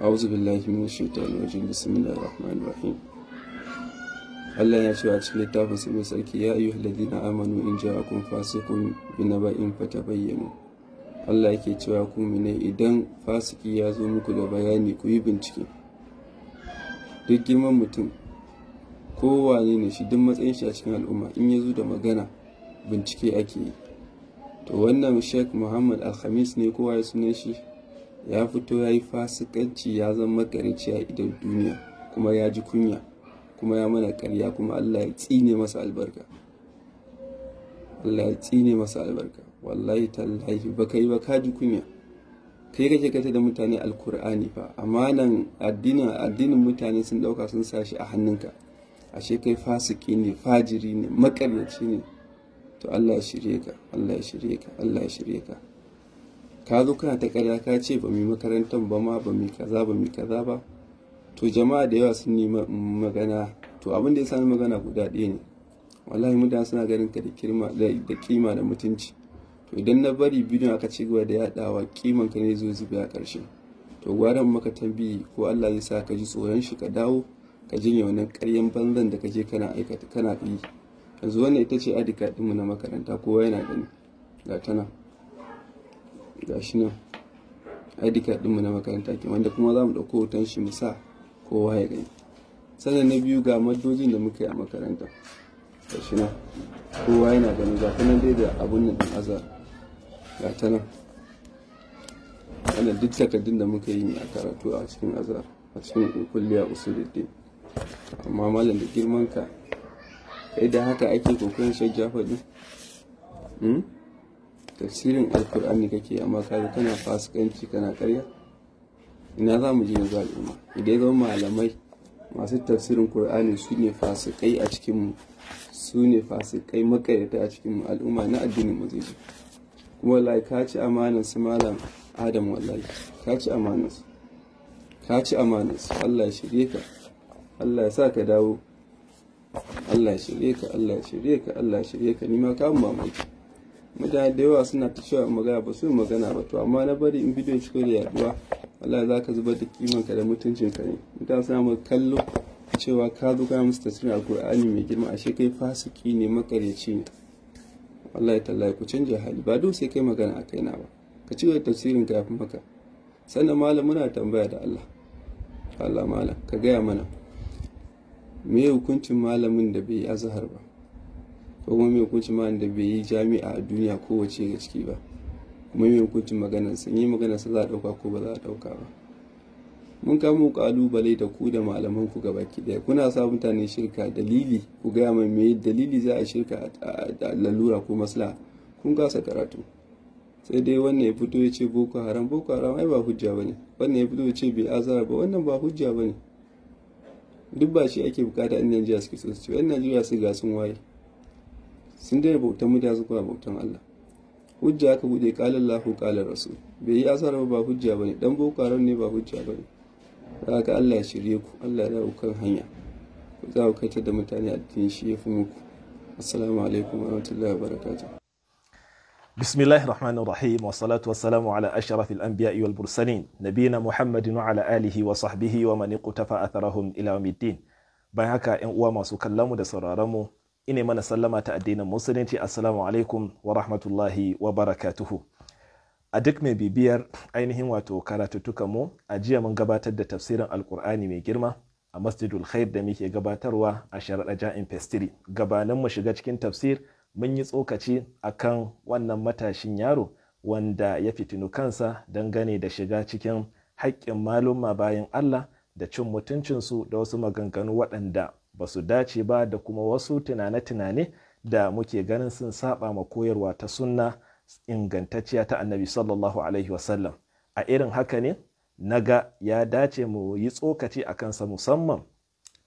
auzu billahi min الشيطان الرجيم jin الله الرحمن rahim. Allah ya ce a cikin littafin sa mai sarki ya ayyuhal alladhina amanu in ja'akum fasiqun naba'in fatabayyanu Allah yake cewa ku ne idan fasiki ya zo muku da bayani ku yi bincike duk girman mutum kowane ne shi duk matsayin shi a cikin al'umma in ya zo da magana bincike ake yi to wannan sheikh muhammad alhamis ne kowa ya sunan shi ya fito ya yi fasikanci ya zama makarici a idan duniya kuma ya ji kunya kuma ya mana karya kuma Allah ya tsine masa albarka Allah ya tsine masa albarka wallahi tallahi ba kai ba ka ji kunya kai kake kata da mutane alkur'ani fa amanan addinin addinin mutane sun dauka sun sa shi a hannunka ashe kai fasiki ne fajiri ne makarici ne to Allah ya shirye ka Allah ya shirye ka Allah ya shirye ka ka zo kana ta karya ka ce ba mu makarantar ba ma ba mu kaza ba mu kaza ba to jama'a da yawa sun nemi magana to abin da ya sani magana guda ɗaya ne wallahi mutane suna ganin ka da kima da mutunci to idan na bari bidiyon aka ci gaba da yadawa kiman ka ne zo zube a ƙarshe to gwaran maka tambayi ko Allah zai sa ka ji tsoron shi ka dawo ka jinya wannan ƙaryan banzan da ka je kana aikata kana yi yanzu wannan ita ce adika ɗinmu na makaranta kowa yana gani ga tana gashi nan aidika card ɗinmu na makaranta ke wanda kuma za mu ɗauko hoton shi mu sa kowa ya gani sannan na biyu ga madojin da muka yi a makaranta gashi nan kowa yana ganin ga ta nan dai da abun nan azar ga ta nan wannan duk takardun da muka yi ne a karatu a cikin azar a cikin kulliya usuluddin amma malam da girman ka kai da haka ake kokarin shajjafa Hmm? tafsirin alkur'ani kake amma ka ga kana fasikanci kana karya ina za mu je yanzu al'umma idan zama malamai masu tafsirin kur'ani su ne fasikai a mu su ne fasikai makaryata a cikinmu al'umma na addinin mu zai kuma wallahi ka ci amanar su malam adam wallahi ka ci amanar su ka ci amanar su Allah ya shirye ka Allah ya sa ka dawo Allah ya shirye ka Allah ya shirye ka Allah ya shirye ka ni ma ka mamaki mutane da yawa suna ta cewa magana ba su magana ba to amma na bari in bidiyo cikin da yaduwa wallahi za ka zubar da kiman ka da mutuncinka ne mutane suna mu kallo cewa ka zo ka musu tasirin alkur'ani mai girma ashe kai fasiki ne makareci ne wallahi tallahi ku canja hali ba dole sai kai magana a kaina ba ka ci gaba tafsirin ka yafi maka sannan malam muna tambaya da Allah Allah malam ka gaya mana me hukuncin malamin da bai yi azhar ba ko kuma mai hukuncin ma da bai yi jami'a a duniya kowace ga ciki ba kuma mai hukuncin magana sun yi magana sun za a ɗauka ko ba za a ɗauka ba mun kamo kalubale da ku da malaman ku gaba ki daya kuna sa mutane shirka dalili ku gaya mai me dalili za a shirka a lalura ko masla kun kasa karatu sai dai wannan ya fito ya ce boko haram boko haram ai ba hujja bane wannan ya fito ya ce bai azara ba wannan ba hujja bane duk ba shi ake bukata in Najeriya suke so su ce yan Najeriya su ga sun waye sun dai bautan muda su bautan Allah hujja aka bude kalan lahu kalan rasul bai yi asara ba hujja bane dan boko haram ne ba hujja bane haka Allah ya shirye ku Allah ya dawo kan hanya ku za ku kaita da mutane addinin shi ya fi muku assalamu alaikum wa rahmatullahi wa barakatuh بسم الله الرحمن الرحيم والصلاة والسلام على أشرف الأنبياء والمرسلين نبينا محمد وعلى آله وصحبه ومن اقتفى أثرهم إلى يوم الدين بيهكا إن أوا ما سكلمو ine mana sallama ta addinin musulunci assalamu alaikum wa rahmatullahi wa barakatuhu a duk mai bibiyar ainihin wato karatuttukan mu a jiya mun gabatar da tafsirin alkur'ani mai girma a masjidul khair da muke gabatarwa a sharaɗa ja'in festiri gabanin mu shiga cikin tafsir mun yi tsokaci akan wannan matashin yaro wanda ya fitinu kansa dangane da shiga cikin haƙƙin maluma bayan Allah da cin mutuncinsu da wasu maganganu waɗanda ba su dace ba da kuma wasu tunane-tunane da muke ganin sun saba ma koyarwa ta sunna ingantacciya ta annabi sallallahu alaihi wasallam a irin haka ne na ga ya dace mu yi tsokaci a kansa musamman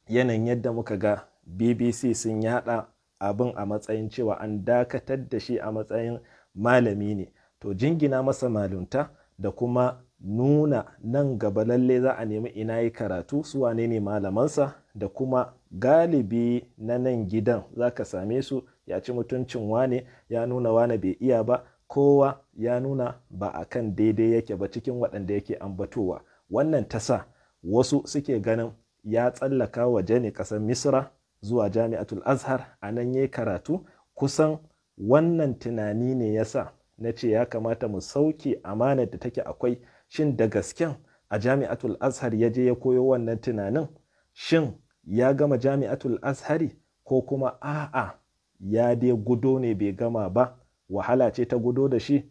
yanayin yadda muka ga bbc sun yada abin a matsayin cewa an dakatar da shi a matsayin malami ne to jingina masa malunta da kuma nuna nan gaba lalle za a nemi ina yi karatu su wane ne malamansa da kuma galibi na nan gidan za ka same su ya ci mutuncin wane ya nuna wane bai iya ba kowa ya nuna ba a kan daidai yake ba cikin waɗanda yake ambatowa wannan ta sa wasu suke ganin ya tsallaka waje ne ƙasar misra zuwa jami'atul azhar a nan ya karatu kusan wannan tunani ne ya sa na ce ya kamata mu sauke amanar da take akwai shin da gasken a jami'atul azhar ya je ya koyo wannan tunanin shin ya gama jami'atul ashari ko kuma a'a ya dai gudo ne bai gama ba wahala ce ta gudo da shi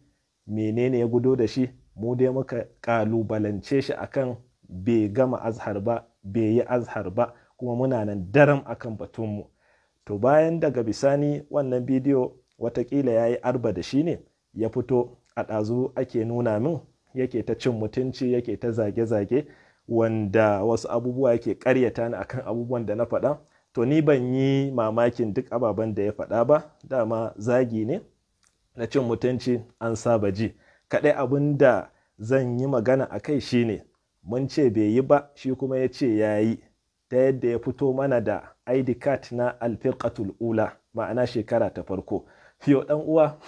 menene ya gudo da shi mu dai muka kalubalance shi akan bai gama azhar ba bai yi azhar ba kuma muna nan daram akan batunmu to bayan daga bisani wannan bidiyo watakila ya yi arba da shi ne ya fito a ɗazu ake nuna min yake ta cin mutunci yake ta zage-zage wanda wasu abubuwa yake karyata ni akan abubuwan da na faɗa to ni ban yi mamakin duk ababen da ya faɗa ba dama zagi ne na cin mutunci an saba ji kaɗai abin da zan yi magana a kai shi ne mun ce bai yi ba shi kuma ya ce ya yi ta yadda ya fito mana da id card na alfiqatul ula ma'ana shekara ta farko fiyo ɗan uwa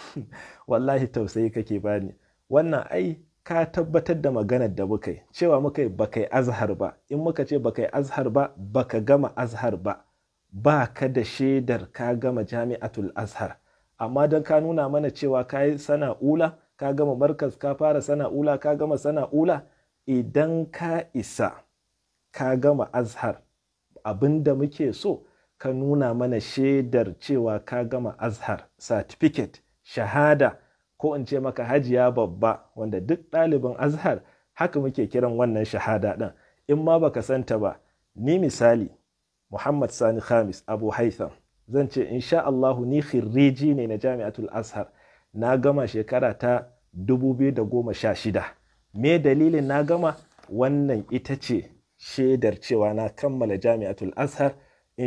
wallahi tausayi kake bani wannan ai ka tabbatar da maganar da muka yi cewa muka yi baka yi azhar ba in muka ce baka yi azhar ba baka gama azhar ba ba ka da shaidar ka gama jami'atul azhar amma don ka nuna mana cewa ka yi sana'ula ka gama markas ka fara sana'ula ka gama sana'ula idan ka isa ka gama azhar abin da muke so ka nuna mana shaidar cewa ka gama azhar certificate shahada ko in ce maka hajiya babba wanda duk ɗalibin azhar haka muke kiran wannan shahada ɗin in ma baka santa ba ni misali muhammad sani khamis abu haitham zan ce sha allahu ni khirriji ne na jami'atul azhar na gama shekara ta 2016 me dalilin na gama wannan ita ce shaidar cewa na kammala jami'atul azhar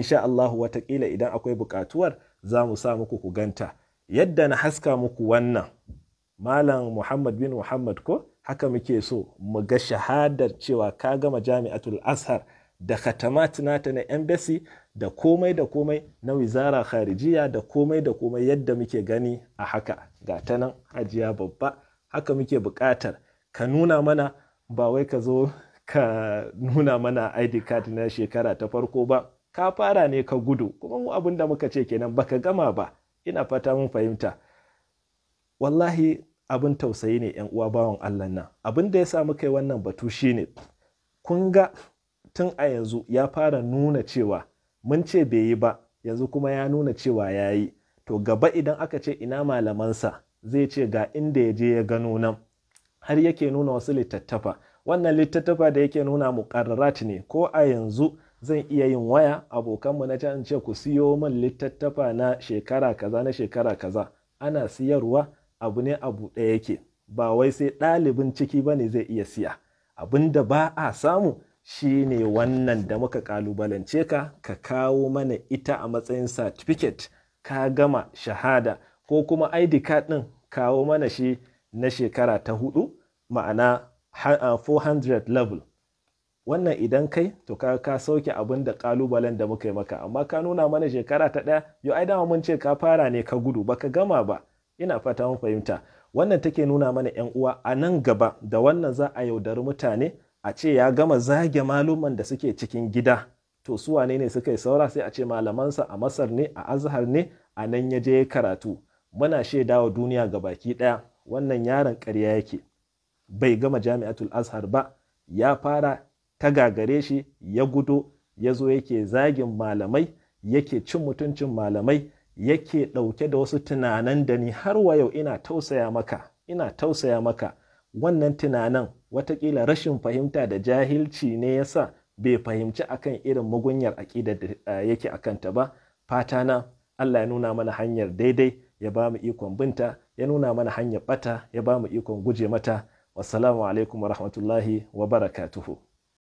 sha allahu watakila idan akwai bukatuwar za mu sa muku ku ganta yadda na haska muku wannan malam muhammad bin muhammad ko haka muke so mu ga shahadar cewa ka gama jami'atul azhar da khatamat nata na embassy da komai da komai na wizara kharijiya da komai da komai yadda muke gani a haka ga ta nan hajiya babba haka muke buƙatar ka nuna mana ba wai ka zo ka nuna mana id card na shekara ta farko ba ka fara ne ka gudu kuma mu abin da muka ce kenan baka gama ba ina fata mun fahimta wallahi abin tausayi ne yan uwa bawan Allah nan abin da ya sa muka yi wannan batu shine kun ga tun a yanzu ya fara nuna cewa mun ce bai yi ba yanzu kuma ya nuna cewa ya yi to gaba idan aka ce ina malamansa zai ce ga inda ya je ya gano nan har yake nuna wasu littattafa wannan littattafa da yake nuna muƙarrarat ne ko a yanzu zan iya yin waya abokanmu na can ce ku siyo min littattafa na shekara kaza na shekara kaza ana siyarwa abu ne a ɗaya yake ba wai sai ɗalibin ciki ba ne zai iya siya abin da ba a samu shi ne wannan da muka ƙalubalance ka ka kawo mana ita a matsayin certificate ka gama shahada ko kuma id card ɗin kawo mana shi na shekara ta hudu ma'ana 400 level wannan idan kai to ka ka sauke abin da kalubalen da muka yi maka amma ka nuna mana shekara ta ɗaya yau ai dama mun ce ka fara ne ka gudu baka gama ba ina fata mun fahimta wannan take nuna mana yan uwa a nan gaba da wannan za a yaudari mutane a ce ya gama zage maluman da suke cikin gida to su wane ne suka yi saura sai a ce malamansa a masar ne a azhar ne a nan ya je karatu muna shaida wa duniya ga baki ɗaya wannan yaron ƙarya yake bai gama jami'atul azhar ba ya fara ta gagare shi ya gudo ya zo yake zagin malamai yake cin mutuncin malamai yake ɗauke da wasu tunanan da ni har wa yau ina tausaya maka ina tausaya maka wannan tunanan watakila rashin fahimta da jahilci ne yasa bai fahimci akan irin mugunyar aƙidar da yake akanta ba fata na Allah ya nuna mana hanyar daidai ya ba mu ikon binta ya nuna mana hanyar bata ya ba mu ikon guje mata wassalamu alaikum wa rahmatullahi wa barakatuhu